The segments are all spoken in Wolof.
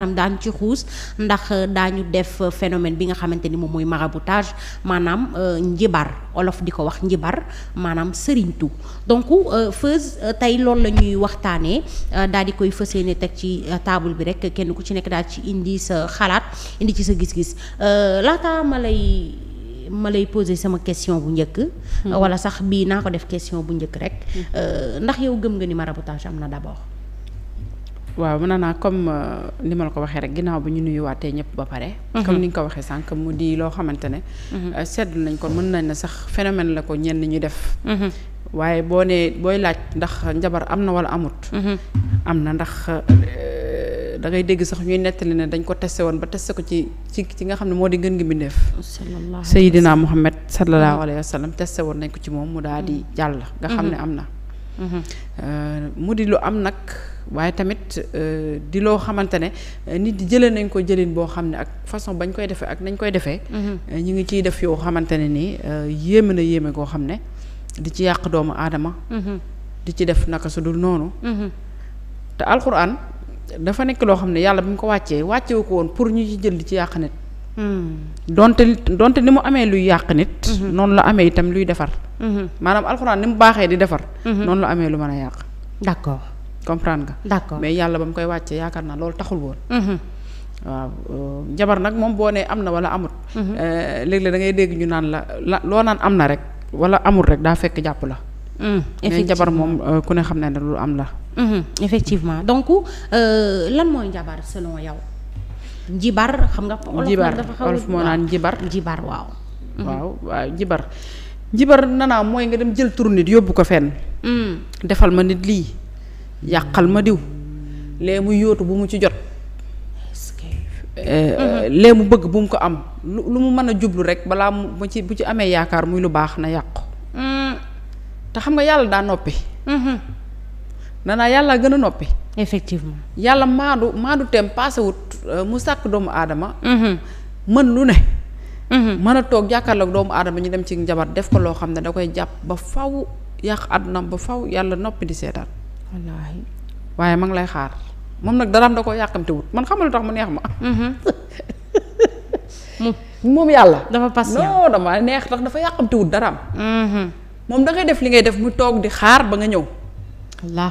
am daañu ci xuus ndax euh, daañu def euh, phénomène bi nga xamante ni moom mooy maraboutage maanaam euh, njibar olof di ko wax njibar maanaam sëriñtu donc feuse tey loolu la ñuy waxtaanee daal di koy fësee ne teg ci table bi rek kenn ku ci nekk daal ci indi sa xalaat indi ci sa gis-gis laata ma lay ma lay poser sama question bu njëkk. Mhm. wala sax bii naa ko def question bu njëkk rek. Mhm. ndax yow gëm nga ni maraboutage am na d'abord. waaw mën naa comme li euh, ma la ko waxee rek ginnaaw bi ñu nuyuwaatee ñëpp ba pare. Mhm. comme ni ñu ko waxee sànq mu di loo xamante ne. Mhm. Euh, sedd nañ ko mën nañ ne sax phénomène la ko ñenn ñu def. Mhm. waaye boo nee booy laaj ndax njabar am na wala amut. am na ndax euh, da ngay dégg sax ñuy nettali ne dañ ko testé woon ba testé ko ci ci ci nga xam ne moo di gën gi mbindeef. Seydina Muhammad sallallahu alayhi wa sallam testé woon nañ ko ci moom mu daal di jàll. nga xam ne am na. Euh, mu di lu am nag waaye tamit euh, di loo xamante ne euh, nit di jëlee nañ ko jëlin boo xam ne ak façon bañ koy defee ak nañ koy defee. Mm-hmm. ñu ngi ciy def yoo xamante ne nii yéeme na yéeme koo xam ne di ci yàq doomu aadama. Mm-hmm. di ci def naka su dul noonu. Mm-hmm. te alxuraan dafa nekk loo xam ne yàlla bi mu ko wàccee wàccewu ko woon pour ñu ci jël di ci yàq nit. Hmm. donte donte ni mu amee luy yàq nit. Mhm. noonu la amee itam luy defar. Mhm. maanaam alxuraan ni mu baaxee di defar. Mhm. noonu la amee lu mën a yàq. d'accord comprendre nga. d'accord mais yàlla ba mu koy wàccee yaakaar naa loolu taxul woon. waaw euh, jabar nag moom boo nee am na wala amut. Euh, léeg-léeg da dégg ñu naan la la loo naan am na rek wala amut rek daa fekk jàpp la. effectivement mais jabar moom euh, ku ne xam ne lu am la. effectivement donc lan mooy njabar selon yow. njibar xam nga. njibar olof moo naan njibar njibar waaw. waaw waaw njibar. njibar nanaa mooy nga dem jël turu nit yóbbu ko fenn. Hmm. defal ma nit lii yàqal ma diw. lee mu yóotu bu mu ci jot. Eh, hmm. lee mu bëgg bu mu ko am lu lu mu mën a jublu rek balaa mu ci bu ci amee yaakaar muy lu baax na yàqu. Hmm. te xam nga yàlla daa noppi. danaa yàlla gën a noppi. effectivement yàlla maadu maadu tem passé wut euh, mu sàkk doomu aadama. Mm-hmm. mën lu ne. Mm-hmm. mën a toog jàkkaarloog doomu aadama ñu dem ci njabar def ko loo xam ne da koy jàpp ba faw yàq àddunaam ba faw yàlla noppi di seetaan. waaye ma lay xaar moom nag daraam da ko yàqamte wut man xamal lu tax mu neex ma. Mm-hmm. moom yàlla. dafa patient non ma neex tax dafa yàqamte wut daraam. moom da ngay def li ngay def mu toog di xaar ba nga ñëw.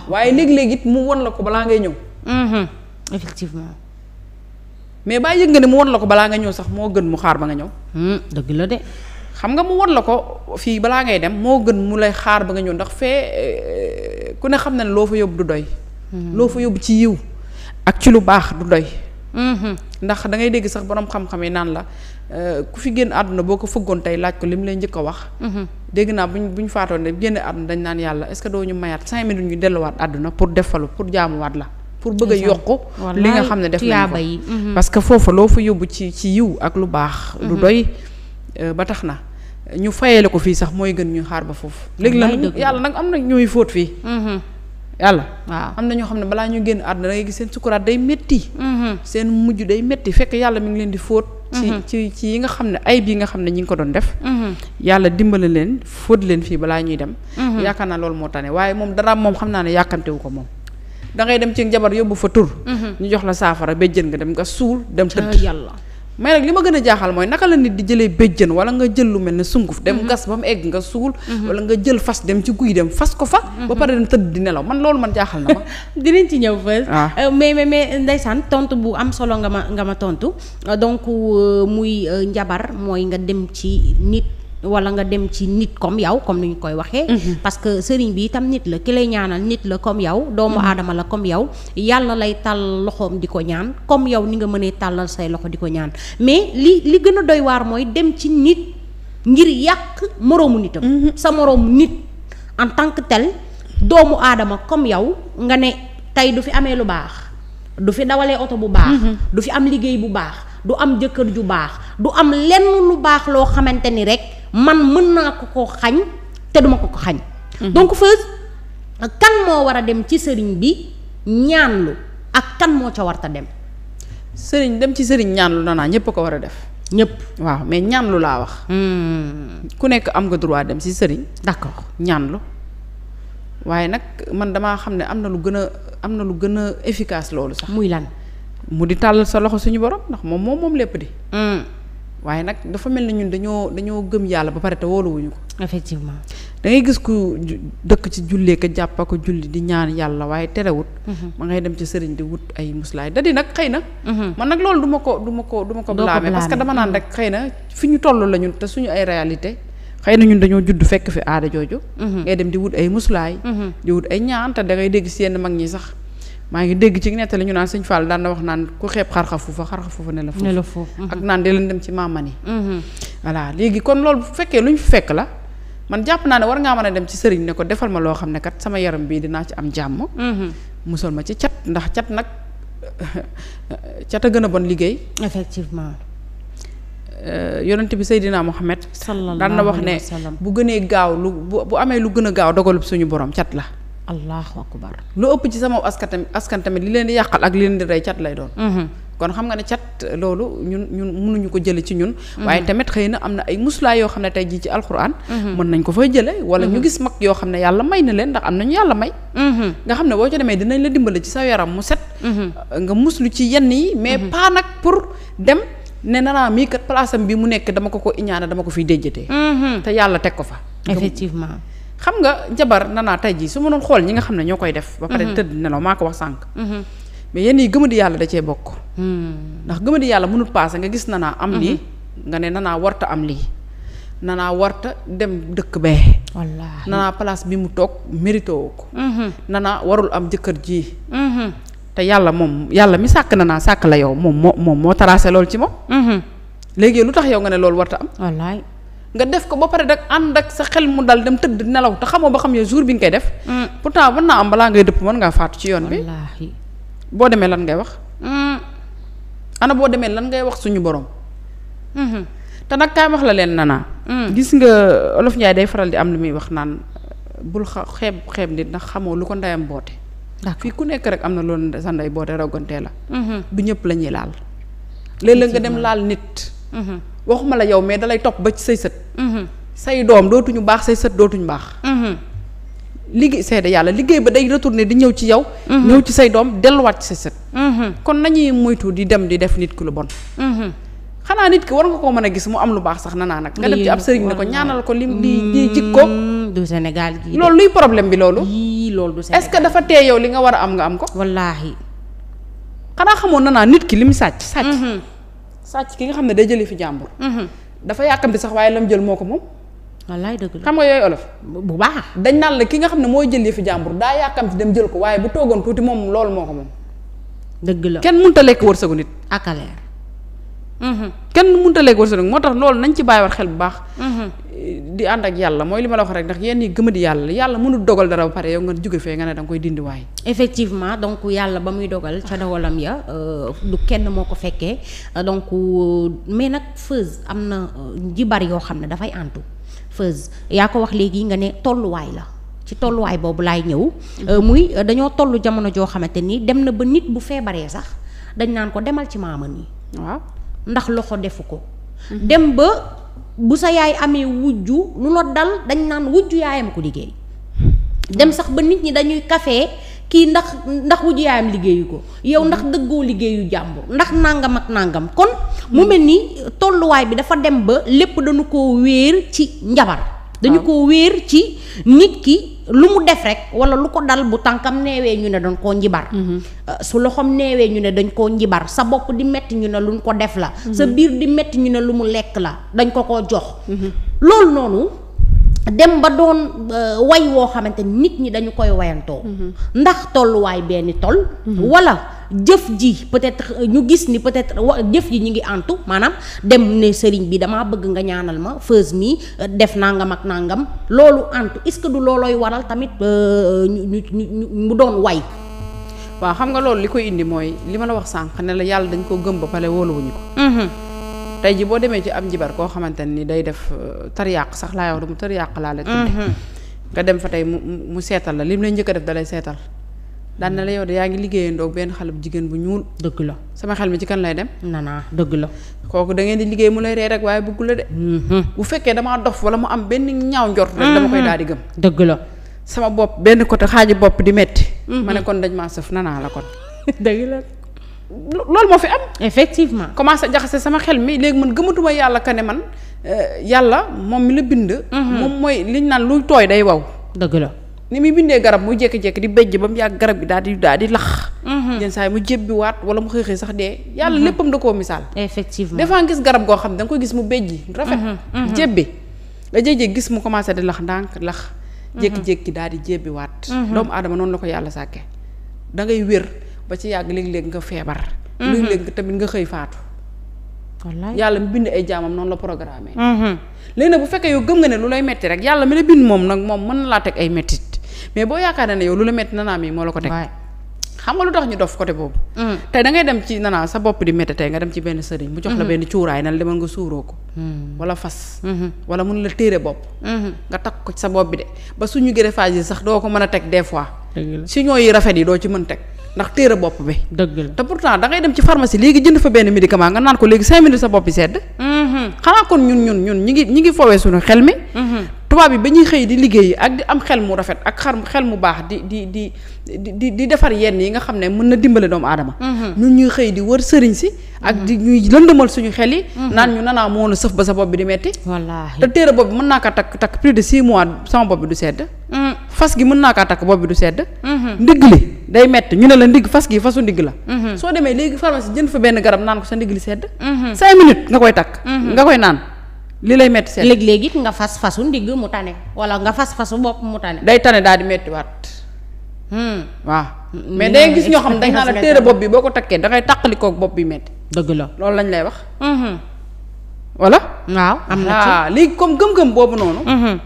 waaye léeg-léeg it mu won la ko balaa ngay ñëw. Mm-hmm. effectivement. mais baa yëg nga ne mu won la ko balaa nga ñëw sax moo gën mu xaar ba nga ñëw. Mm, dëgg la de. xam nga mu won la ko fii balaa ngay dem moo gën mu lay xaar ba nga ñëw ndax fee eh, ku ne xam na ne loo fa yóbbu du doy. Mm-hmm. loo fa yóbbu ci yiw ak ci lu baax du doy. Mm-hmm. ndax dangay dégg sax boroom xam-xam yi naan la Euh, ku fi génn àdduna boo ko fëggoon tey laaj ko li mu lay njëkk a wax. Mm-hmm. dégg naa bu buñ faatoon ne génn àdduna dañ naan yàlla est-ce que doo ñu mayaat cinq minutes ñu delluwaat àdduna pour defalu pour jaamuwaat la. pour bëgg a yokk li nga xam ne def nañ ko mm-hmm. parce que foofa loo fa yóbbu ci ci yiw ak lu baax. lu mm-hmm. doy euh, ba tax na ñu fayale ko fii sax mooy gën ñu xaar ba foofu. léegi la yàlla nag am na ñooy fóot fii. yàlla waaw am na ñoo xam ne balaa ñu génn àdduna da ngay gis seen sukuraat day métti. Mm-hmm. seen mujj day métti fekk yàlla mu ngi leen di fóot. Mm-hmm. ci ci yi nga xam ne ay yi nga xam ne ñi ngi ko doon def. Mm-hmm. yàlla dimbale leen fóot leen fii balaa ñuy dem. yaakaar naa loolu moo tane waaye moom dara moom xam naa ne yàkkamtewu ko moom. da ngay dem ci jabar yóbbu fa tur. ñu jox la saafara béjjën nga dem nga suul dem tëdd yàlla. mais nag li ma gën a jaaxal mooy naka la nit di jëlee béjjën wala nga jël lu mel ne sunguf dem mhm. gas ba mu egg nga suul mhm. wala nga jël fas dem ci guy dem fas ko fa ba mhm. pare dem tëdd di nelaw man loolu man jaaxal na ma dinañ ci ñëw fës ah. euh, mais mais mais ndeysaan tontu bu am solo nga ma nga tontu euh, donc euh, muy njabar mooy nga dem ci nit wala nga dem ci nit comme yow comme ni ñu koy waxee. Mm-hmm. parce que sëriñ bi itam nit la ki lay ñaanal nit la comme yow. doomu mm-hmm. aadama la comme yow yàlla lay tàll loxoom di ko ñaan comme yow ni nga mënee tàllal say loxo di ko ñaan mais li li gën a doy waar mooy dem ci nit ngir yàq moroomu nitam. Mm-hmm. sa moroomu nit en tant que tel doomu aadama comme yow nga ne tey du fi amee lu baax du fi dawalee oto bu baax. du fi am liggéey bu baax du am jëkkër ju baax du am lenn lu baax loo xamante ni rek. man mën naa ko ko xañ te duma ko ko xañ mhm. donc Feuz kan moo war a dem ci sëriñ bi ñaanlu ak kan moo ca warta dem sëriñ dem ci sëriñ ñaanlu na naa ñépp a ko war a def ñëpp waaw mais ñaanlu laa wax hmm. ku nekk am nga droit dem ci sëriñ d'accord ñaanlu waaye nag man damaa xam ne am na lu gën a am na lu gën a efficace loolu sax muy lan mu di tàllal sa loxo suñu borom ndax moom moom moom lépp di hmm. waaye nag dafa mel ni ñun dañoo dañoo gëm yàlla ba pare te wóoluwuñu ko. effectivement da ngay gis ku dëkk ci jullee ka jàpp ko julli di ñaan yàlla waaye tere terewut. Mhm. ma ngay dem ci sëriñ di wut ay muslaay da di nag xëy na. Mhm. man nag loolu du ma ko du ma ko du ma ko. blâmer parce que dama naan mhm. rek xëy na fi ñu toll la ñun te suñu ay réalité xëy na ñun dañoo judd fekk fi aada jooju. ngay dem di wut ay muslaay. di wut ay ñaan te da ngay dégg si mag ñi sax. maa ngi dégg ci nettali ñu naan sëñ Fall daan na wax naan ku xeeb xarxafu fa xarxafu fa ne la. ne la foofu ak mhm. naan de leen dem ci maamani. Mhm. voilà léegi kon loolu bu fekkee lu ñu fekk la man jàpp naa ne war ngaa mën a dem ci sëriñ ne ko defal ma loo xam ne kat sama yaram bii dinaa ci am jàmm. Mhm. musal ma ci cat ndax cat nag cat a gën a bon liggéey. effectivement. Euh, bi Seydina Mohamed. sallallahu alayhi wa daan na wax ne bu gënee gaaw lu bu amee lu gën a gaaw dogalub suñu borom cat la. allahu akbar lu ëpp ci sama askan tamit li leen di yàqal ak li leen di rey cat lay doon. Mm-hmm. kon xam nga ne cat loolu ñun ñun mënuñu ko jële ci ñun. Mm-hmm. waaye tamit xëy na am na ay muslaa yoo xam ne tey jii ci alxuraan. Mm-hmm. mën nañ ko fay jële ñu gis mag yoo xam ne yàlla may na leen ndax am nañu yàlla may. nga xam ne boo ci demee dinañ la dimbale ci sa yaram mu set. Euh, nga muslu ci yenn yi. mais pas nag pour dem ne nanaa mii kat place bi mu nekk dama ko ko iñaana dama ko fiy déjjatee. te yàlla teg ko fa. effectivement. xam nga jabar nanaa tey jii su ma doon xool ñi nga xam ne ñoo koy def. ba pare mhm. tëdd nelaw maa ko wax sànq. Mhm. mais yenn yi gëmadi yàlla da cee bokk. Hmm. ndax gëmadi yàlla mënut paase nga gis nanaa am lii. Mhm. nga ne nanaa warta am lii. nanaa warta dem dëkk bee. wallaahi nanaa place bi mu toog mérité woo ko. nanaa warul am jëkkër ji. te yàlla moom yàlla mi sàkk nanaa sàkk la yow moom moo moom moo tracé loolu ci moom. léegi lu tax yow nga ne loolu warta am. nga def ko ba pare rek ànd ak sa xel mu dal dem tëdd nelaw te xamoo ba xam ne jour bi nga koy def. Mm. pourtant mën naa am balaa ngay dëpp mën ngaa faatu ci yoon bi. wallaahi boo demee lan ngay wax. Mm. ana boo demee lan ngay wax suñu borom. Mm-hmm. te nag kaay wax la leen nanaa mm. gis nga olof Ndiaye day faral di am lu muy wax naan bul xa xeeb xeeb nit ndax xamoo lu ko ndeyam boote. ndax fii ku nekk rek am na loolu sa ndey boote rogantee la. Mm-hmm. du ñëpp la laal. léeg-léeg nga dem waxuma la yow mais dalay topp ba ci say sët. Mm-hmm. say doom dootuñu baax say sët dootuñu baax. Mm-hmm. liggéey seede yàlla liggéey ba day ne di ñëw ci yaw mm-hmm. ñëw ci say doom delluwaat ci say sët. kon nañuy moytu di dem di def nit ku lu bon. xanaa nit ki war nga koo mën a gis mu am lu baax sax nanaa nag. nga dem ci ab sëriñ ne ko ñaanal ko lim di di jikko. du Sénégal gii loolu luy problème bi loolu. yii loolu du Sénégal que dafa tee yow li nga war a am nga am ko. wallaahi. xanaa xamoon na naa nit ki li mu sàcc sàcc. sàcc ki nga xam ne day jëlee fi jàmbur. Mhm. dafa yàkkamti sax waaye lam jël moo ko moom. wallaay dëgg la xam nga yooyu olof. bu baax dañ naan la ki nga xam ne mooy jëlee fi jàmbur daa yàkkamti dem jël ko waaye bu toogoon tuuti moom loolu moo ko moom. dëgg la kenn mënut a lekk wërsëgu nit. ak akaleer. kenn mënut a lekk wërsëgu nit moo tax loolu nañ ci bàyyiwaat xel bu baax. Mhm. di ànd ak yàlla mooy li ma la wax rek ndax yenn yi gëm di yàlla yàlla mënul dogal dara ba pare yow nga jóge fee nga ne danga koy dindi waay. effectivement donc yàlla ba muy dogal euh, kenn moo ko fekkee euh, donc euh, mais nag feuse am na ji yoo xam ne dafay antu feuse yaa ko wax léegi nga ne tolluwaay la. ci tolluwaay boobu laay ñëw. Mhm. muy dañoo toll jamono joo xamante ni dem na ba nit bu feebaree sax dañ naan ko demal ci maama nii. waaw ndax loxo defu ko. Mhm. dem ba bu sa yaay amee wujju lu la dal dañ naan wujju yaayam ko liggéey dem sax ba nit ñi dañuy kafee kii ndax ndax wujju yaayam liggéeyu ko yow ndax mm-hmm. dëggoo liggéeyu jàmbur ndax nàngam ak nàngam kon mu mel ni tolluwaay bi dafa dem ba lépp dañu ko wéer ci njabar dañu ko wéer ci nit ki lu mu def rek wala lu ko dal bu tànkam newee ñu ne dañ koo njibar mhm. euh, su loxoom neewee ñu ne dañ koo njibar sa bopp di metti ñu ne luñ ko def la mhm. sa biir di metti ñu ne lu mu lekk la dañ ko koo jox mhm. loolu noonu dem ba doon euh, way woo xamante nit ñi dañu koy wayantoo mhm. ndax tolluwaay benn toll mhm. wala jëf ji peut-être ñu gis ni peut-être jëf ji ñu ngi antu maanaam dem ne sëriñ bi damaa bëgg nga ñaanal ma feuse mi euh, def nangam ak nangam loolu antu est-ce que du loolooy waral tamit euh, ñu ñu mu doon way waaw xam nga loolu li koy indi mooy li ma la wax sànq ne la yàlla dañ ko gëm ba pare wóoluwuñu ko mhm. tey ji boo demee ci am jibar koo xamante ni day def euh, tariyàq sax laa wax du mu tariyàq laa la tudde mhm. nga dem fa tey mu mu seetal la lim lay njëkk a def dalay seetal daan la yow de yaa ngi liggéeyandoog benn xale bu jigéen bu ñuul. dëgg la sama xel mi ci lay dem. nana dëgg la. kooku da di liggéey mu lay ree rek waaye bëggu de. Mhm. bu fekkee damaa dof wala mu am benn ñaaw njort rek mhm. dëgg la sama bopp benn côté xaaji bopp di metti ma ne kon dañ ma sëf nanaa la kon. dëgg la. loolu moo fi am. effectivement commencé jaxase sama xel mi léegi man gëmatuma yàlla ka ne man euh, yàlla moom mi la bind. Mhm. moom mooy liñ naan lu tooy day waw. dëgg la ni muy bindee garab muy jékki-jékki di béjj ba mu yàgg garab gi daal di daal di lax. Mhm. yenn saa yi mu jébbiwaat wala mu xëy sax dee. yàlla mhm. léppam da koo misaal. effectivement des gis garab goo xam da nga koy gis mu béjji. rafet jébbi nga jéjjee gis mu commencé di lax ndànk lax. jékki-jékki daal di jébbiwaat. doomu aadama noonu la ko yàlla sàkke ba ci yàgg léeg-léeg nga feebar. Mm-hmm. léeg-léeg nga tamit nga xëy faatu. wallaay yàlla mu bind ay jaamam noonu la programmé. Mm-hmm. léegi nag bu fekkee yow gëm nga ne lu lay metti rek yàlla mi la bind moom nag moom mën na laa teg ay mettit mais boo yaakaar ne yow lu la metti na naa mii moo la ko teg. xam nga lu tax ñu dof côté boobu. Mm. te dangay dem ci nana sa bopp di métti tey nga dem ci benn sëriñ. mu jox la mm-hmm. benn cuuraay nan demal nga suuroo ko. Mm. wala fas. Mm-hmm. wala mun la téere bopp. Mm-hmm. nga takk ko ci sa bopp bi de ba suñu greffage yi sax doo ko mën a teg des fois. si ñooy rafet yi doo ci mën teg. ndax téere bopp bi. dëgg la te pourtant da ngay dem ci pharmacie léegi jënd fa benn médicament nga naan ko léegi cinq sa bopp bi sedd. xanaa kon ñun ñun ñun ñi ngi ñi ngi fowee suñu xel mi. tubaab yi ba ñuy xëy di liggéey ak di am xel mu rafet ak xar xel mu baax di di di di di defar yenn yi nga xam ne mën na dimbale doomu aadama mhm. ñun ñuy xëy di wër sëriñ si ak di mhm. ñuy lëndëmal suñu xel yi mhm. naan ñu nanaa moo la sëf ba sa bopp bi di metti te téere bopp bi mën naa ko takk takk plus de si mois sama bopp bi du sedd mm. fas gi mën naa ko takk bopp bi du sedd ndigg li day metti ñu ne la ndigg fas gi fasu ndigg la soo demee léegi pharmacie jënd fa benn garab naan nga koy takk nga koy naan li lay metti seen léeg léegi nga fas fasu ndigg mu tane wala nga fas fasu bopp mu tane. day tane daal di waat hmm. waaw. Hmm. mais day gis ñoo xam dañ naan la téere bopp bi boo ko takkee dangay tàqalikook bopp bi metti dëgg la loolu lañ lay wax. Hmm. voilà. waaw am na ci waaw ah, léegi boobu noonu.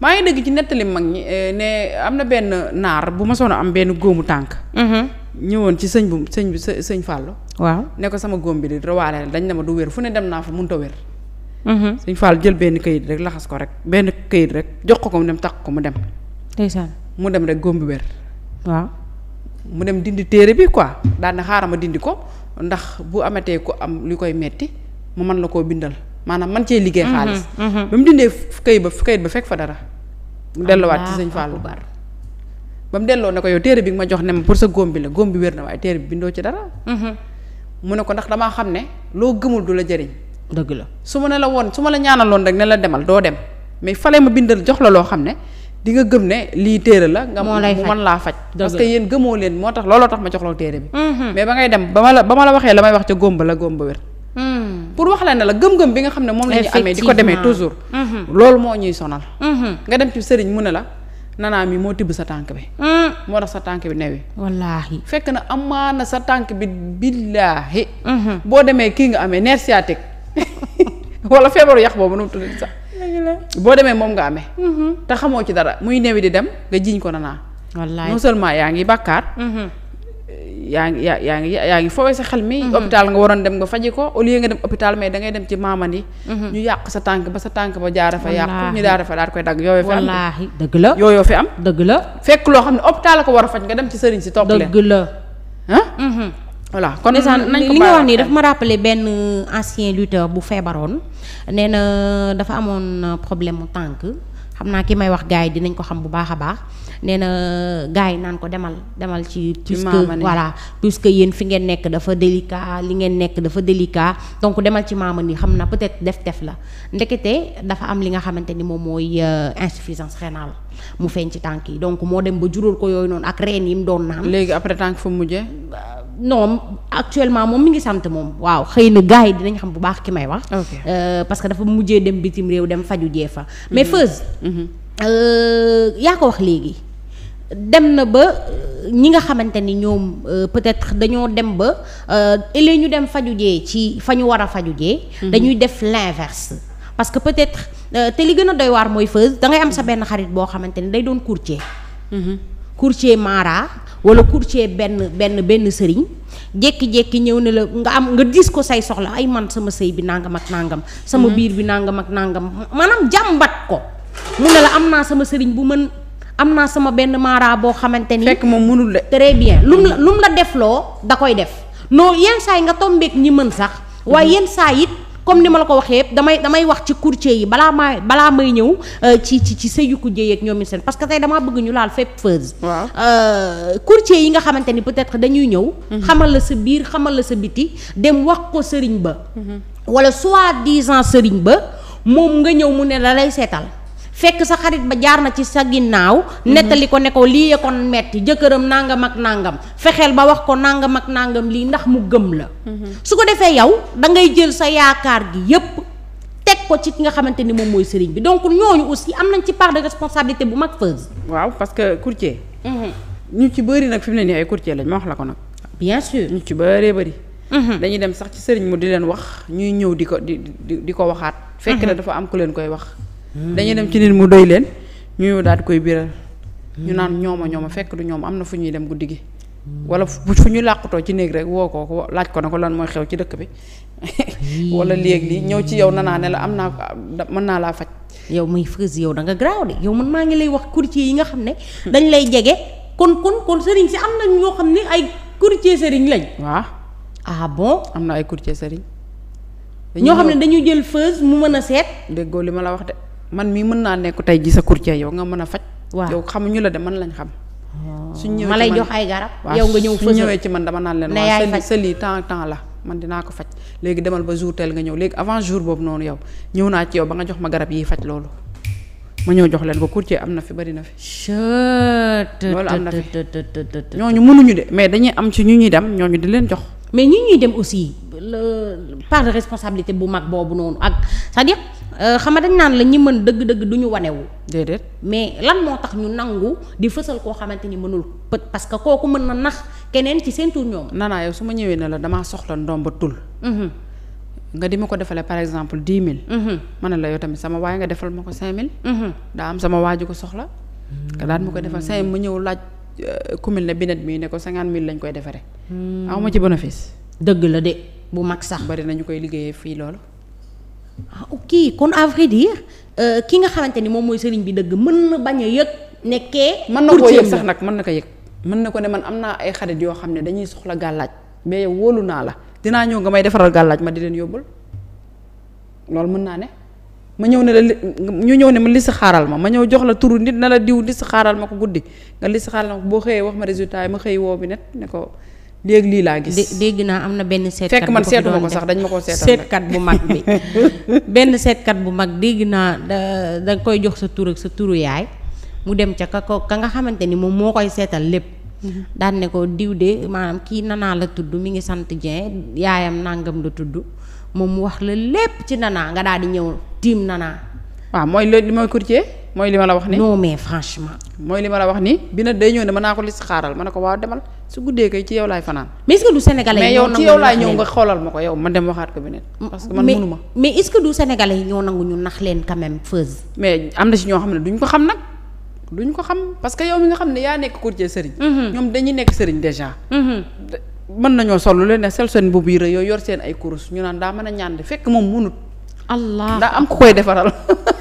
maa ngi dégg ci nettali mag ñi eh, ne am na benn naar bu ma soon am benn góomu tànk. ñëwoon ci sëñ bu sëñ bi sëñ Fallou. waaw ne ko sama góom bi di rawaale dañ ne ma du wér fu ne dem naa fa mënut a wér. Mm-hmm. sëñ Fall jël benn kayit rek laxas ko rek benn kayit rek jox ko ko mu dem takk ko mu dem. ndeysaan mu dem rek góombi wér. waaw mu dem dindi téere bi quoi daan na xaaral ma dindi ko ndax bu amatee ku am lu koy metti mu mën la koo bindal maanaam man cee liggéey mm-hmm, xaalis. Mm-hmm. ba mu dindee kayit ba kayit ba fekk fa dara. mu delluwaat ci sëñ Fall bar ba mu delloo ne ko yow téere bi ma jox ne ma pour sa góom bi la góom bi wér na waaye téere bi bindoo ci dara. mu ne ko ndax damaa xam ne loo gëmul du la jëriñ. dëgg la su ma ne la woon su ma la ñaanaloon rek ne la demal doo dem mais fale ma bindal jox la loo xam ne di nga gëm ne lii téere la. nga mën laa faj. parce que yéen gëmoo leen moo tax looloo tax ma jox la téere bi. Mm-hmm. mais ba waxee la may wax ca góomba la góomba wér. Mm-hmm. pour wax la ne la gëm-gëm bi nga xam ne moom amee ko demee mm-hmm. loolu moo ñuy sonal. nga dem ci sëriñ mu ne la. nanaa mi moo tibb sa tànk bi mm. moo tax sa tànk bi newi wallaahi fekk na amaana sa tànk bi billaahi boo demee kii nga amee nerf sciatique wala feebaru yàq boobu nu mu sax. boo demee moom nga amee. Mm-hmm. te xamoo ci dara muy néew di dem nga jiñ ko nanaa. wallaay yaa ngi bàkkaar. Mm-hmm. yaa ngi yaa yaa ngi yaa ngi foowee sa xel mi. Mm-hmm. hôpital nga waroon dem nga faji ko au lieu nga dem hôpital mais da ngay dem ci maaman yi. ñu yàq sa tànk ba sa tànk ba jaara fa yàq ñu daara fa daal koy dagg yooyu fi am wallaahi dëgg la yooyu fi am. dëgg la fekk loo xam ne hôpital la ko war a faj nga dem ci sëriñ si topp leen dëgg la voilà kon li nga wax nii daf ma rappelé benn ancien lutteur bu feebaroon nee na dafa amoon problème mu tànk xam naa kii may wax gars yi dinañ ko xam bu baax a baax nee na gars yi naan ko demal demal ci puisque voilà puisque yéen fi ngeen nekk dafa délicat li ngeen nekk dafa délicat donc demal ci maama ni xam na peut-être def def la ndekete dafa am li nga xamante ni moom mooy euh, insuffisance rénale mu feeñ ci tànk yi donc moo dem ba jural ko yooyu noonu ak reen yi mu doon naan léegi après tànk fu mu mujjee non actuellement moom mi ngi sant moom waaw xëy na gars yi dinañ xam bu baax ki may wax. Euh, parce que dafa mujjee dem bitim réew dem faju jee fa. Mm-hmm. mais Feuz. Mm-hmm. Euh, yaa léegi. dem na ba ñi nga xamante ni ñoom euh, peut-être dañoo dem ba ëllëg ñu dem faju jee ci fa war a faju jee. Mm-hmm. dañuy def l'inverse parce que peut-être te li gën a doy waar mooy Feuz da am sa benn xarit boo xamante ni day doon courtier. courtier Mara wala courtier benn benn benn sëriñ jékki-jékki ñëw ne la nga am nga dis ko say soxla ay man sama sëy bi nangam ak nàngam sama mhm. biir bi nangam ak nangam maanaam jàmbat ko mu ne la am naa sama sëriñ bu mën am naa sama benn maaraa boo xamante ni. fekk moom mënul la très bien lum la def loo da koy def non yenn saa nga tombeek ñi mën sax waaye mhm. yenn saa it. comme ni ma la ko waxee damay damay wax ci courtier yi balaa maa balaa may ñëw euh, ci ci ci sëyu ku jéyeeg ñoom seen parce que tey dama bëgg ñu laal fépp feuse euh, courtier yi nga xamante ni peut-être dañuy ñëw mhm. xamal la sa biir xamal la sa biti dem wax ko sëriñ ba mhm. wala soi-disant sëriñ ba moom nga ñëw mu ne la lay seetal fekk sa xarit ba jaar na ci sa ginnaaw mhm. nettali ko ne ko lii yee kon metti jëkkëram nangam ak nangam fexeel ba wax ko nangam ak nangam lii ndax mu gëm la mhm. su ko defee yow da ngay jël sa yaakaar gi yépp teg ko ci ki nga xamante ni moom mooy sëriñ bi donc ñooñu aussi am nañ ci part de responsabilité bu mag feuse waaw parce que courtier mhm. ñu ci bëri nag fi mu ne nii ay courtier lañ ma wax la ko nag bien sûr ñu ci bëree bëri dañuy dem sax ci sëriñ mu di leen wax ñuy ñëw di ko di di ko waxaat fekk na dafa am ku leen koy wax dañuy dem ci nit mu doy leen ñu daal di koy biral ñu naan ñooma ñooma fekk du ñoom am na fu ñuy dem guddi gi wala fu ñu làqutoo ci néeg rek woo ko laaj ko na ko lan mooy xew ci dëkk bi wala léegi lii ñëw ci yow nanaa ne la am naa ah, mën naa laa faj yow muy Feuzi yow da nga garaaw de yow man maa ngi lay wax courtier yi nga xam ne dañ lay jege kon kon kon sëriñ si am na ñoo xam ne ay courtier sëriñ lañ waa ah bon am na ay courtier sëriñ ñoo xam ne dañu jël mu mën a seet déggoo li ma la wax de man mii mën naa nekk tey ji sa courtier yow nga mën a faj. waaw xamuñu la de man lañ xam. Oh. suñ ñëwee ma lay jox ay garab. yow nga ñëw fësal suñ ñëwee ci man dama naan leen. waaw sa lii temps temps la man dinaa ko faj. léegi demal ba jour tel nga ñëw léegi avant jour boobu noonu yow ñëw naa ci yow ba nga jox ma garab yiy faj loolu. ma ñëw jox leen ba courtier am na fi bari na fi. loolu am na fi ñooñu mënuñu de mais dañuy am ci ñu ñuy dem ñooñu di leen jox mais ñi ñuy dem aussi le part de responsabilité bu mag boobu noonu ak c'est-à-dire euh, xam nga naan la ñi mën dëgg-dëgg du ñu wanewu déedéet mais lan moo tax ñu nangu di fësal koo xamante ni mënul pët parce que kooku mën na nax keneen ci seen tur ñoom. Nana yow su ma ñëwee ne la damaa soxla ndomba tul. Mhm. nga di ma ko defalee par exemple dix mille. Mhm. ma la yow tamit sama waay nga defal ma ko cinq mille. Mhm. daa am sama waaju ko soxla. nga daan ma ko defal cinq ma ñëw laaj. Euh, commune ne binet mii ne ko cinquante mille lañ koy defaree. Hmm. aw ma ci bénéfice. dëgg la de bu mag sax. bari nañu koy liggéeyee fii loolu. ah ok kon à vrai dire euh, ki nga xamante ni moom mooy sëriñ bi dëgg mën na bañ a yëg. nekkee mën na koo yëg sax nag mën na ko yëg. mën na ko ne man am naa ay xarit yoo xam ne dañuy soxla gàllaaj mais wóolu naa la dinaa ñëw nga may defaral gàllaaj ma di leen yóbbul loolu mën naa ne. ma ñëw ne la ñu ñëw ne ma li si xaaral ma ma ñëw jox la turu nit na la diw li si xaaral ma ko guddi nga li si xaaral ma ko boo xëyee wax ma résultat yi ma xëy woo bi net ne ko léegi lii laa gis dégg naa am na benn seetkat fekk man seetu ma sax dañ ko seetal seetkat bu mag bi benn seetkat bu mag dégg naa da da koy jox sa tur ak sa turu yaay mu dem ca ka ko ka nga xamante ni moom moo koy seetal lépp mhm. daan ne ko diw de maanaam kii nanaa la tudd mi ngi sant Dieng yaayam nangam la tudd moom mu wax la lépp ci nana nga daal di ñëw tiim nana. waaw ah, mooy li mooy courtier mooy li ma la wax ni mooy li ma la wax ni bi na day ñëw ne mën naa ko lis xaaral ma ne ko waaw demal su guddee kay ci yow laay fanaan. mais est du sénégalais ma ko yow man ma mais est-ce que du sénégalais yi ñoo nangu ñu nax leen quand même mais am na si ñoo xam ne duñ ko xam nag duñ ko xam parce que yow mi nga xam ne yaa nekk courtier sëriñ. Mm-hmm. ñoom dañuy nekk sëriñ déjà. Mm-hmm. mën nañoo sol lu ne sel seen mbubb yi rek yooyu yor seen ay kurus ñu naan daa mën a ñaande fekk moom mënut. allah daa am ku koy defaral.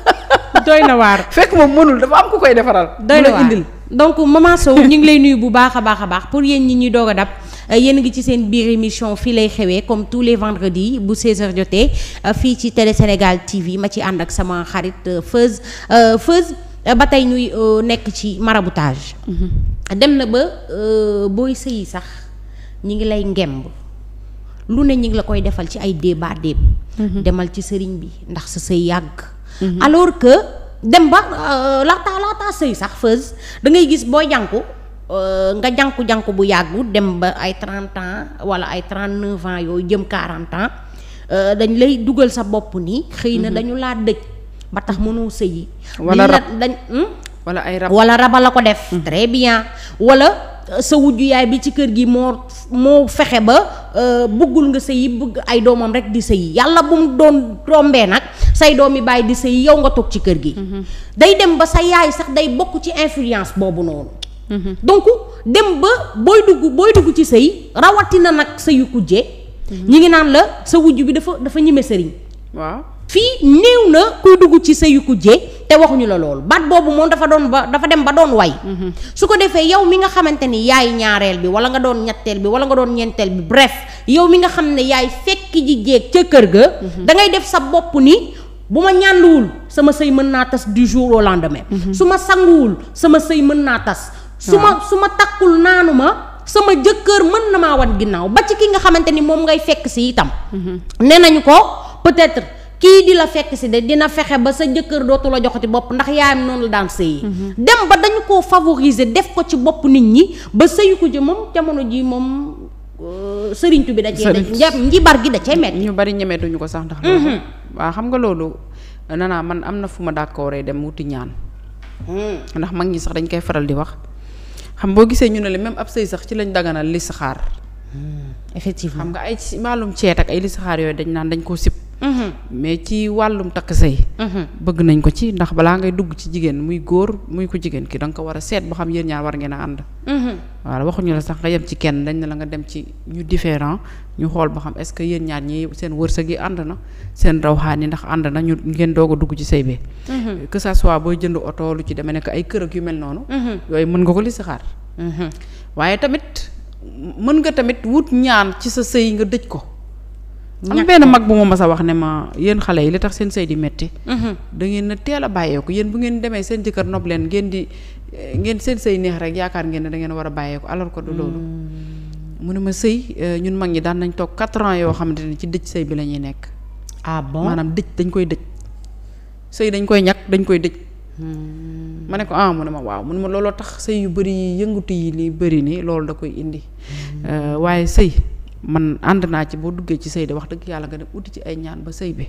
doy na waar fekk moom mënul dafa am ku koy defaral. doy na waar indil donc maman Sow ñu ngi lay nuyu bu baax a baax a baax pour yéen ñi ñuy doog a dab. Euh, yéen ngi ci seen biir émission fii lay xewee comme tous les vendredis bu 16h jotee euh, fii ci télé Sénégal TV ma ci ànd ak sama xarit euh, Feuz Feuz ba tey ñuy nekk ci maraboutage. Mhm. dem na ba booy sëyi sax. ñi ngi lay ngemb lu ne ñi ngi la koy defal ci ay débat déeb mm-hmm. demal ci sëriñ bi ndax sa sëy yàgg mm-hmm. alors que dem ba euh, laataa laataa sëy sax feuse da ngay gis boo jànku euh, nga jànku-jànku bu yàggu dem ba ay 30 ans wala ay 39 ans yooyu jëm 40 ans euh, dañ lay dugal sa bopp ni xëy na mm-hmm. dañu laa dëj ba tax mënoo sëyi wala rab dañ hmm? wala ay rab raba la ko def très bien wala sa wujju yaay bi ci kër gi moo moo fexe ba euh, bëggul nga sëyi bugg ay doomam rek di sëyi yàlla bu mu doon rombee nag say doom yi bàyyi di sëyi yow nga toog ci kër gi mm-hmm. day dem ba sa yaay sax day bokk ci influence boobu noonu mm-hmm. donc dem ba booy dugg booy dugg ci sëy rawatina nag yu kujje mm-hmm. ñu ngi naan la sa wujju bi dafa dafa ñeme sëriñ waaw fii néew na kuy dugg ci sëyu kujje te waxuñu la loolu baat boobu moom dafa doon ba dafa dem ba doon way mhm. su ko defee yow mi nga xamante ni yaay ñaareel bi wala nga doon ñetteel bi wala nga doon ñeenteel bi bref yow mi nga xam ne yaay fekk ji jéeg ca kër ga mhm. da ngay def sa bopp ni bu ma ñànduwul sama sëy mën naa tas du jour au lendemain mhm. su ma sanguwul sama sëy mën naa tas su ma su ma takkul naanu ma sama jëkkër mën na maa wan ginnaaw ba ci ki nga xamante ni moom ngay fekk si itam nee nañu ko peut kii di la fekk si de dina fexe ba sa jëkkër dootu la joxati bopp ndax yaayam noonu la daan sëyi mhm. dem ba dañu koo favoriser def ko ci bopp nit ñi ba sëyu ko ji moom jamono ji moom euh, sëriñtu bi da cee njibar gi da cee ñu bari ñemeetuñu ko sax ndax loolu mhm. waaw xam nga loolu nanaa man am na fu ma d'accord dem wuti ñaan mhm. ndax mag ñi sax dañ koy faral di wax xam boo gisee ñu ne la même ab sëy sax ci lañ dagana li saxaar effectivement xam nga ay maalum ceet ak ay li saxaar yooyu dañ naan dañ koo sib Mm-hmm. mais ci wàllum takk sëy mm-hmm. bëgg nañ ko ci ndax balaa ngay dugg ci jigéen muy góor muy ko jigéen ki da nga ko war a seet ba xam yéen ñaar war ngeen a ànd mm-hmm. voilà waxuñu la sax nga yem ci kenn dañ ne la nga dem ci ñu différent ñu xool ba xam est-ce que yéen ñaar ñi seen wërsëg yi ànd na seen rawxaan ni ndax ànd na ñu ngeen doog a dugg ci sëy bi que ça soit booy jënd oto lu ci demee nekk ay kër ak yu mel noonu yooyu mën nga ko li saxaar waaye tamit mën nga tamit wut ñaan ci sa sëy nga dëj ko am benn mag bu ma mas a wax ne ma yéen xale yi li tax seen sëy di metti mhm. da ngeen na teela bàyyeeku yéen bu ngeen demee seen jëkkër nopp leen ngeen di eh, ngeen seen sëy neex rek yaakaar ngeen ne da war a bàyyeeku alors ko du loolu mm. mu ne ma sëy eh, ñun mag ñi daan nañ toog quatre ans yoo xamante ne ci dëj sëy bi la ñuy nekk ah bon maanaam dëj dañ koy dëj sëy dañ koy ñàkk dañ koy dëj mm. ma ne ko ah mu ne ma waaw mu ne ma looloo tax sëy yu bëri yi yëngatu yi li bëri nii loolu da koy indi mm. eh, waaye sëy man ànd naa ci boo duggee ci sëy de wax dëgg yàlla nga dem uti ci ay ñaan ba sëy bi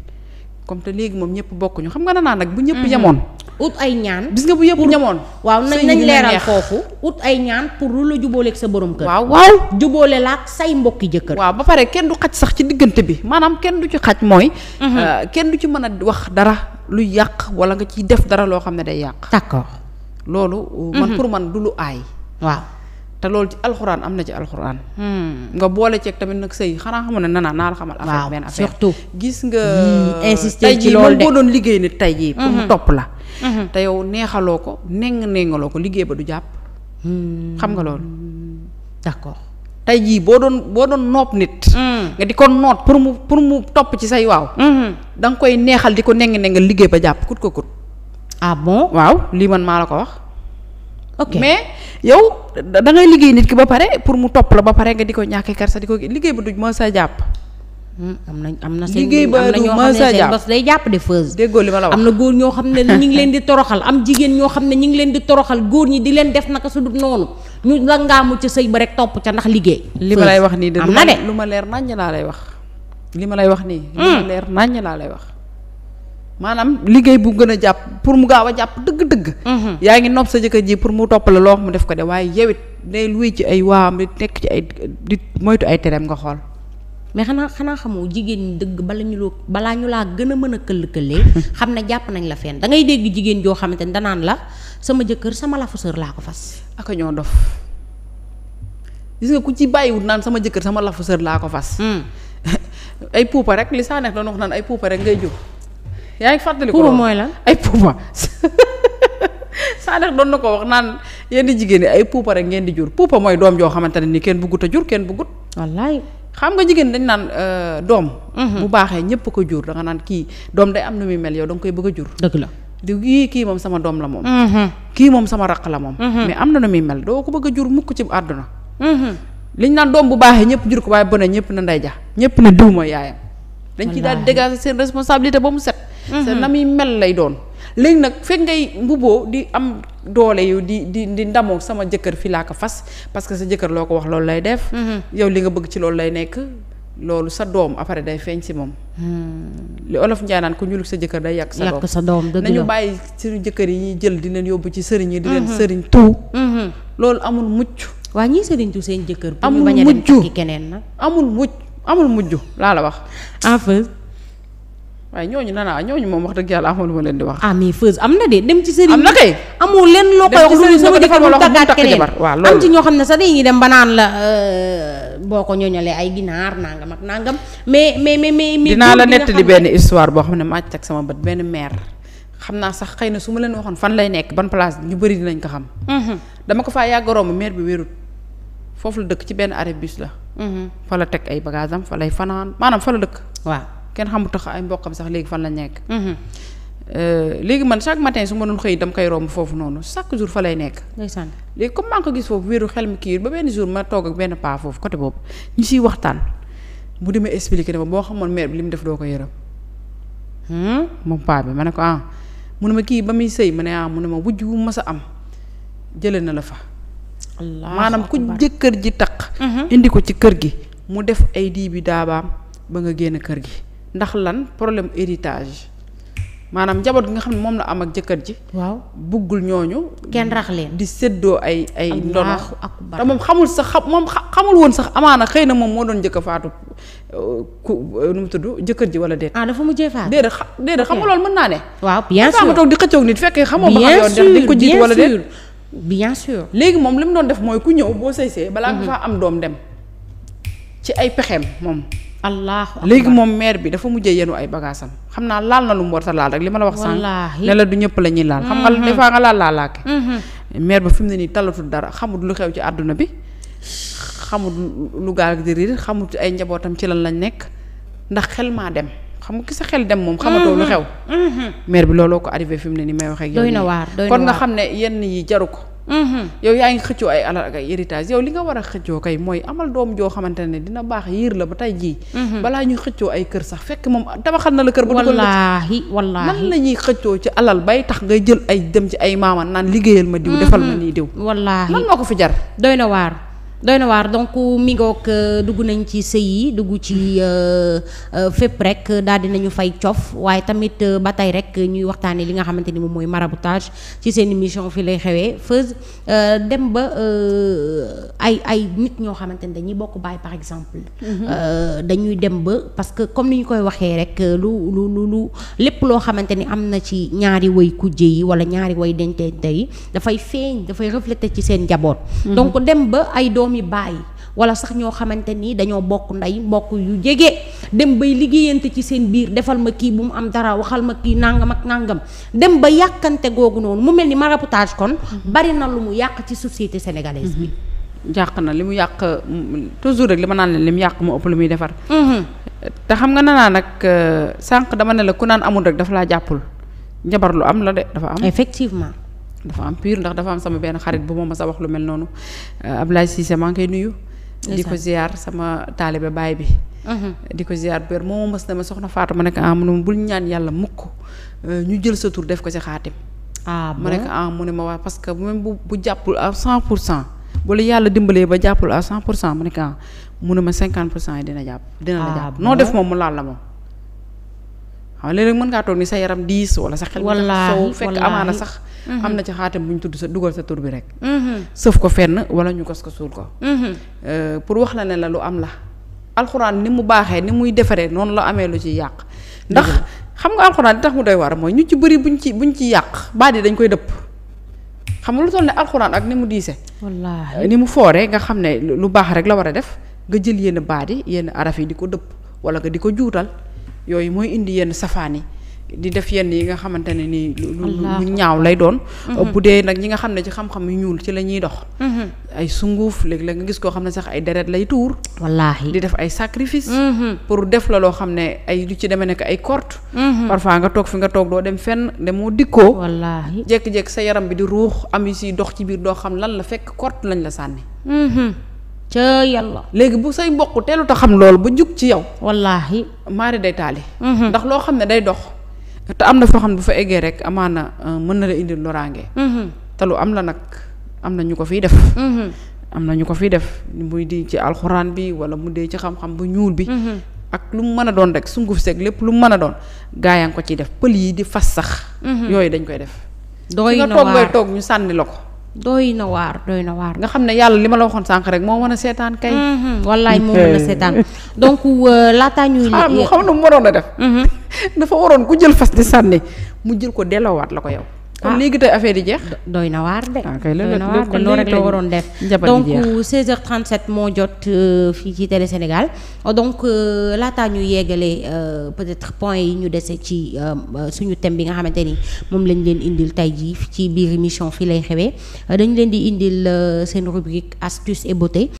comme te léegi moom ñëpp bokkuñu xam nga danaa nag bu ñëpp mhm. yemoon ut ay ñaan gis nga bu yëpp ñamoon waaw nañ nañ leeral foofu ut ay ñaan pour lu la jubooleeg sa borom kër waaw waaw juboole laak say mbokki jëkkër waaw ba pare kenn du xaj sax ci diggante bi maanaam kenn du ci xaj mooy mhm. euh, kenn du ci mën a wax dara lu yàq wala nga ciy def dara loo xam ne day yàq d'accord loolu man mhm. pour man du aay waaw te loolu ci alxuraan am na ci alxuraan. Hmm. nga boole ceeg tamit nag sëy xanaa xamu ne nanaa naa la xamal. affaire benn affaire surtout. gis nga hmm, insister ci loolu de doon liggéey nit tey jii. pour hmm. la. te yow neexaloo ko neng nengaloo ko liggéey ba du jàpp. xam nga loolu. d'accord tey jii boo doon boo doon nopp nit. nga di ko noot pour mu pour mu topp ci say waaw. da koy neexal di ko neng nengal liggéey ba jàpp kut ko kut. ah waaw lii man maa la ko wax. ok mais yow da ngay liggéey nit ki ba pare pour mu topp la ba pare nga di ko ñàkk kersa di ko liggéey ba duñ mën sa jàpp. Hmm, am na am na seen liggéey ba du mën sa jàpp bas day jàpp de feuse. déggoo li ma la wax am na góor ñoo xam ne ñu ngi leen di toroxal am jigéen ñoo xam ne ñu ngi leen di toroxal góor ñi di leen def naka su dul noonu ñu la ngaamu ca sëy ba rek topp ca ndax liggéey. li ma lay wax nii de lu ma leer naññ laa lay wax. li ma lay wax nii. lu ma hmm. leer naññ laa lay wax. maanaam liggéey bu gën a jàpp pour mu gaaw a jàpp dëgg-dëgg. Mhm. yaa ngi nopp sa jëkkër ji pour mu toppale loo mu def ko de waaye yow it day ci ay waam di nekk ci ay di moytu ay tereem nga xool. mais xanaa xanaa xamoo jigéen ñi dëgg bala ñu balaa ñu laa gën a mën a këll-këllee xam ne jàpp nañ la fenn da ngay dégg jigéen joo xamante ne danaan la sama jëkkër sama lafu sër laa ko fas ak ñoo dof gis nga ku ci bàyyiwut naan sama jëkkër sama lafu sër laa ko fas hmm. ay puupa rek li saa nekk doon wax naan ay puupa rek ngay jóg yaa ngi fàttali ko mooy lan ay puupa Saalix doon na ko wax naan yenn jigéen ñi ay puupa rek ngeen di jur puupa mooy doom joo xamante ne ni kenn buggut a jur kenn buggut wallaay xam nga jigéen dañ naan euh, doom mhm. bu baaxee ñëpp ko jur da naan kii doom day am nu muy mel yow koy bëgg a jur dëgg la di moom sama doom la moom mhm. kii moom sama la moom mhm. mais am na nu muy mel doo ko bëgg a jur mukk ci àdduna liñ naan doom bu baaxee ñëpp jur ko waaye bëne ñëpp na ndey ja ñëpp na diw mooy yaayam dañ ci daal di dégager seen responsabilité ba mu set sa mhm. na muy mel lay doon léegi nag fekk ngay mbubboo di am doole yu di di di ndamoo sama jëkkër fi laa ko fas parce que sa jëkkër loo ko wax loolu lay def mhm. yow li nga bëgg ci loolu lay nekk loolu sa doom après day feeñ si moom hmm. li olof Njaay naan ku ñuulug sa jëkkër day yàq sa doom nañu bàyyi suñu jëkkër yi ñuy jël di leen yóbbu ci sëriñ yi di leen mhm. sëriñ tuu loolu amul mucc waa ñii sëriñ tuu seen jëkkër amul mujj amul mujj amul mujj laa la wax waaye ñooñu nanaa ñooñu moom wax dëgg yàlla amaluma leen di wax. ah mais Feuz am na de dem ci sëriñ. am na kay amoo leen loo koy wax lu dul sama jëkkër mu takkaat keneen am ci ñoo xam ne sax dañuy dem ba naan la euh, boo ko ñoñalee ay ginaar nangam ak nangam mais mais mais mais. dinaa la nettali benn histoire boo xam ne maa ci teg sama bët benn maire. xam naa sax xëy na su ma leen waxoon fan lay nekk ban place ñu bëri dinañ ko xam. Mm-hmm. dama ko faa yàgg romb maire bi wérut foofu la dëkk ci benn arrêt bus la. Mm-hmm. fa la teg ay bagages am fa lay fanaan maanaam fa la dëkk waaw kenn xamu tax ay mboqam sax léegi fan la nekk. Mhm. Euh, léegi man chaque matin su ma doon xëy dam koy romb foofu noonu chaque jour fa lay nekk. ndeysaan léegi comme maa ko gis foofu wéeru xel mi kii ba benn jour ma toog ak benn paa foofu côté boobu ñu siy waxtaan mu demee expliqué ne ma boo xamoon mère bi li mu def doo ko yërëm. Hmm? moom paa bi ma ne ko ah mu ne ma kii ba muy sëy ma ne ah mu ne ma wujj wu ma sa am jëlee na la fa. maanaam ku jëkkër ji taq. Mhm. indi ko ci kër gi mu def ay dii bi daabaam ba nga génn kër gi. ndax lan problème héritage maanaam njaboot gi nga xam ne moom la am ak jëkkër ji. waaw buggul ñooñu. kenn rax leen di séddoo ay ay. ndono te moom xamul sax xam moom xamul woon sax amaana xëy na moom moo doon njëkk a faatu euh, ku euh, nu mu tudd jëkkër ji wala déet. ah dafa mujjee faatu déedéet xa déedéet xam nga loolu mën naa ne. waaw bien sûr ma toog di fekkee xamoo ba xam yoon di ko jiit wala déet bien léegi moom li mu doon def mooy ku ñëw boo sëysee balaa nga mhm. faa am doom dem ci ay pexeem moom allah léegi moom maire bi dafa mujjee yenu ay bagaasam xam naa laal na lu mu war laal rek li ma la wax sànq ne la du ñëpp la ñuy laal xam nga mm-hmm. des nga laal laa laake mm-hmm. maire ba fi mu ne nii talatul dara xamul lu xew ci àdduna bi xamul lu gaal di riir xamul ay njabootam ci lan lañ nekk ndax xel maa dem xam nga ki sa xel dem moom xamatoo lu mm-hmm. xew maire bi looloo ko arrivé fi mu ne nii may waxee ak yow kon nga xam ne yenn yi jaru ko Mm-hmm. yow yaa ngi xëccoo ay alal ak ay héritage yow li nga war a xëccoo kay mooy amal doom joo xamante ne dina baax yiir la ba tey jii mm-hmm. balaa ñuy xëccoo ay kër sax fekk moom tabaxal na la kër ba wallaahi wallaahi nan la ñuy xëccoo ci alal bay tax ngay jël ay dem ci ay maama naan liggéeyal ma diw mm-hmm. defal ma nii diw wallaahi lan moo ko fi jar doy na waar doy waar donc mi ngoog euh, dugg nañ ci sëy yi dugg ci euh, euh, fépp rek daal nañu fay cof waaye tamit ba tey rek ñuy waxtaanee li nga xamante ni moom mooy maraboutage ci seen mission fi lay xewee feuse dem ba ay ay nit ñoo xamante ni dañuy bokk baay par exemple mhm. dañuy dem ba parce que comme ni ñu koy waxee rek lu lu lu lépp loo xamante ni am na ci ñaari way kujje yi wala ñaari way denteente yi dafay feeñ dafay refléter ci seen njaboot mhm. donc dem ba ay doom doomi bàyyi wala sax ñoo xamante ni dañoo bokk ndey bokk yu jege dem bay liggéeyante ci seen biir defal ma kii bu mu am dara waxal ma kii nangam ak nangam dem ba yàkkante googu noonu mu mel ni maraboutage kon bari na lu mu yàq ci société sénégalaise bi. jàq mhm. na li mu yàq toujours rek li ma naan leen li mu yàq mu ëpp lu muy defar. Mhm. te xam nga nanaa nag euh, sànq dama ne la ku naan amul rek dafa laa jàppul njabar lu am la de dafa am. dafa am pur ndax dafa am sama benn xarit bu ma mës a wax lu mel noonu euh, Ablaye Cissé maa ngi nuyu. di ko ziar sama taalibe baay bi. Mhm. di ko ziar bu wér moo ma mës na ma ma nekk ah mu bul ñaan yàlla mukk euh, ñu jël sa tur def ko ci xaatim. ah ma nekk ah ne ma waa parce que bu bu jàppul à pour cent. wala yàlla dimbalee ba jàppul à 100 pour cent ma nekk ah, ma 50 cent yi dina jàpp. dina la ah jàpp noo def moom mu laal la moom. xam nga mën ngaa toog ni sa yaram diis wala sa xel. wallaahi wallaahi fekk amaana sax. Mm-hmm. am na ci xaatim bu ñu tudd sa dugal sa tur bi rek. Mm-hmm. sëf ko fenn wala ñu kos ko suul ko. Mm-hmm. Euh, pour wax la ne la lu am la. alxuraan ni mu baaxee ni muy defaree noonu la amee lu ci yàq. ndax xam nga alxuraan li tax mu doy war a mooy ñu ci bëri buñ ci buñ ci yàq baat yi dañ koy dëpp. xam nga ne alxuraan ak ni mu diise. wallaahi ni mu fooree nga xam ne lu baax rek la war a def nga jël yenn baat yi yenn araf yi di ko dëpp wala nga di ko juutal yooyu mooy indi yenn safaan yi di def yenn yi nga xamante ne ni lu ñaaw lay doon mm-hmm. bu dee nag ñi nga xam ne ci xam-xam yu ñuul ci la ñuy dox mm-hmm. ay sunguuf léeg-léeg nga gis koo xam ne sax ay deret lay tuur wallaahi di def ay sacrifice mm-hmm. pour def la loo xam ne ay lu ci demee nekk ay corte parfois nga toog fi nga toog doo dem fenn demoo dikkoo wallaahi jékki-jékki sa yaram bi di ruux am yu si dox ci biir doo xam lan la fekk corte lañ la sànni ca yàlla léegi bu say mboq teelu ta xam loolu ba jug ci yow te am na foo xam ne bu fa eggee rek amaana euh, mën na la indi loraange. Mm-hmm. te lu am la nag am na ñu ko fiy def. Mm-hmm. am na ñu ko fiy def muy di ci alxuraan bi wala mu dee ci xam-xam bu ñuul bi. Mm-hmm. ak lu mu mën a doon rek sunguf seeg lépp lu mu mën a doon gaa yaa ngi ko ciy def pël yi di fas sax. yooyu dañ koy def. doy na waar toog toog ñu sànni la ko. doy na waar doy na waar nga xam ne yàlla li ma la waxoon sànq rek moo mën a seetaan kay. Mm-hmm. wallaay moo mën a seetaan donc euh, laataa ñuy. xam xam na mu waroon a def. Mm-hmm. dafa waroon ku jël fas di sànni mu jël ko delloowaat la ko yow. kon ah. léegi tey affaire yi jeex. doy nawaar waar de. doy na waar de ah, loolu rek la waroon def. donc 16 h moo jot euh, fii ci Télé Sénégal oh, donc euh, laataa ñu yeegalee euh, peut-être point yi ñu dese ci suñu thème bi nga xamante ni moom lañ leen indil tey jii ci biir émission fii lay xewee dañ leen di indil seen rubrique astuce et beauté.